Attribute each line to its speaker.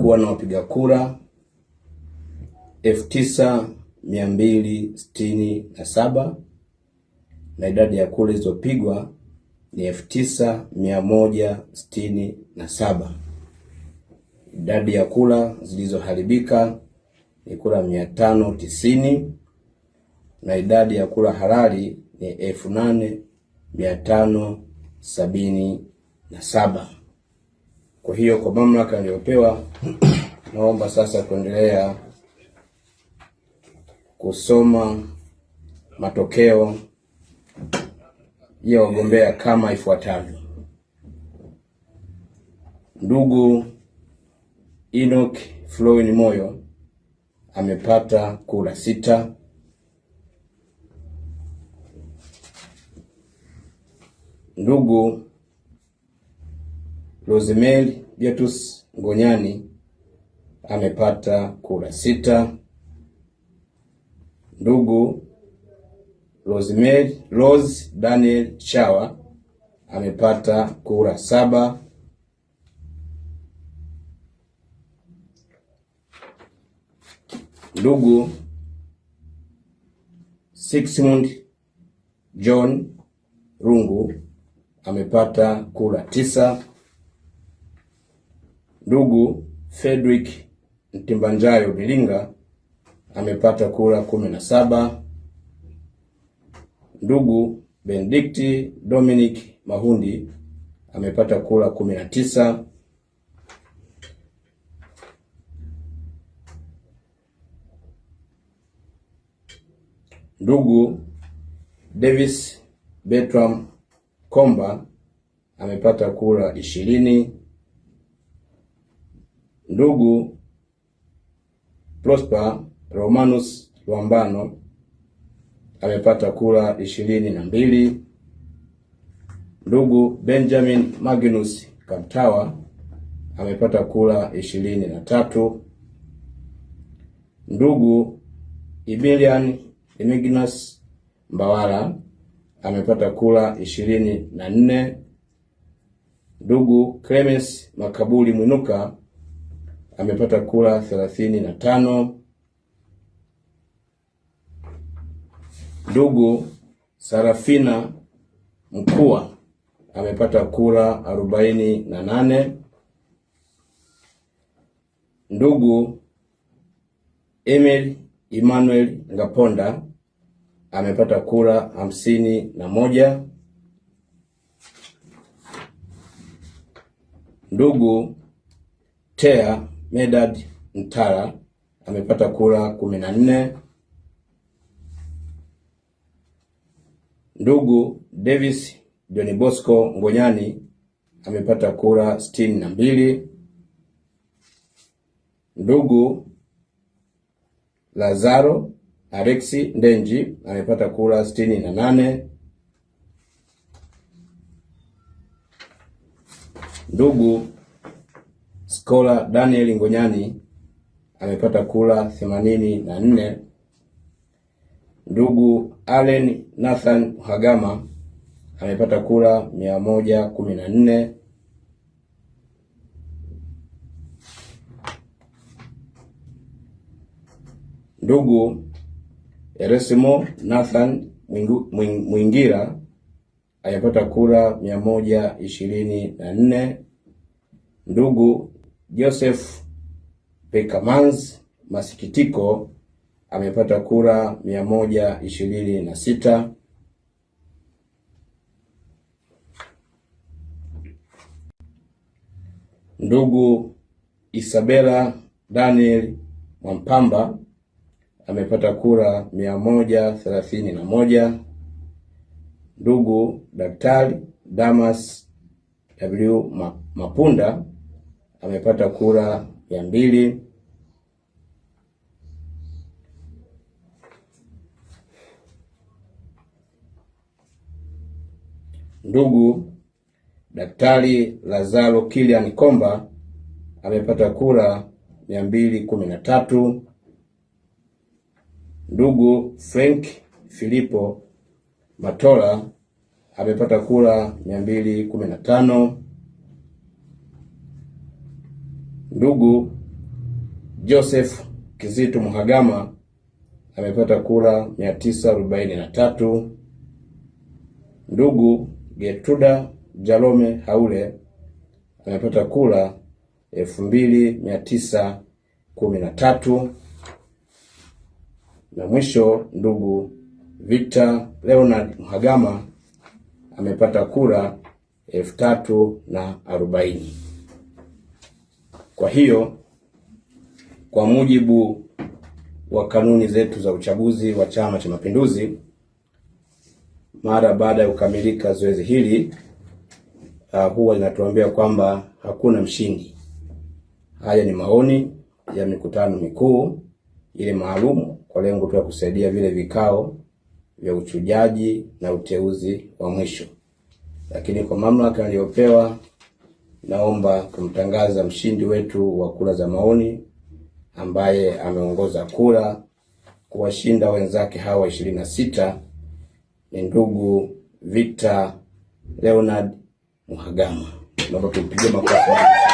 Speaker 1: kuwa na wapiga kura elfu tisa mia mbili sitini na saba na idadi ya kura zilizopigwa ni elfu tisa mia moja sitini na saba. Idadi ya kura zilizoharibika ni kura mia tano tisini na idadi ya kura halali ni elfu nane mia tano sabini na saba. Kwa hiyo kwa mamlaka aliyopewa, naomba sasa kuendelea kusoma matokeo ya wagombea kama ifuatavyo. Ndugu Enoch Floyd Moyo amepata kura sita. Ndugu Rosemary Beatus Ngonyani amepata kura sita. Ndugu Rosemary Rose Daniel Chawa amepata kura saba. Ndugu Sixmund John Rungu amepata kura tisa. Ndugu Fredrick Mtimbanjayo Bilinga amepata kura kumi na saba. Ndugu Benedict Dominic Mahundi amepata kura kumi na tisa. Ndugu Davis Bertram Komba amepata kura ishirini ndugu Prosper Romanus Luambano amepata kura ishirini na mbili. Ndugu Benjamin Magnus Kamtawa amepata kura ishirini na tatu. Ndugu Ibilian Emignus Mbawala amepata kura ishirini na nne. Ndugu Clemens Makabuli Mwinuka amepata kura thelathini na tano. Ndugu Sarafina Mkua amepata kura arobaini na nane. Ndugu Emil Emmanuel Ngaponda amepata kura hamsini na moja. Ndugu Tea Medad mtara amepata kura kumi na nne. Ndugu Davis John Bosco Ngonyani amepata kura sitini na mbili. Ndugu Lazaro Alexi Ndenji amepata kura sitini na nane. Ndugu Skola Daniel Ngonyani amepata kura themanini na nne. Ndugu Allen Nathan Hagama amepata kura mia moja kumi na nne. Ndugu Eresimo Nathan Mwingira amepata kura mia moja ishirini na nne. Ndugu Joseph Pekamans masikitiko amepata kura mia moja ishirini na sita. Ndugu Isabela Daniel Mwampamba amepata kura mia moja thelathini na moja. Ndugu Daktari Damas W Mapunda amepata kura mia mbili. Ndugu Daktari Lazaro Kilian Komba amepata kura mia mbili kumi na tatu. Ndugu Frank Filipo Matola amepata kura mia mbili kumi na tano. Ndugu Joseph Kizito Mhagama amepata kura 943. Ndugu Getruda Jalome Haule amepata kura 2913. Na mwisho ndugu Victor Leonard Mhagama amepata kura elfu tatu na arobaini. Kwa hiyo kwa mujibu wa kanuni zetu za uchaguzi wa Chama cha Mapinduzi, mara baada ya kukamilika zoezi hili uh, huwa linatuambia kwamba hakuna mshindi. Haya ni maoni ya mikutano mikuu ile maalum kwa lengo tu ya kusaidia vile vikao vya uchujaji na uteuzi wa mwisho, lakini kwa mamlaka aliyopewa naomba kumtangaza mshindi wetu wa kura za maoni ambaye ameongoza kura kuwashinda wenzake hawa ishirini na sita ni ndugu Victor Leonard Mhagama. Naomba tumpige makofi.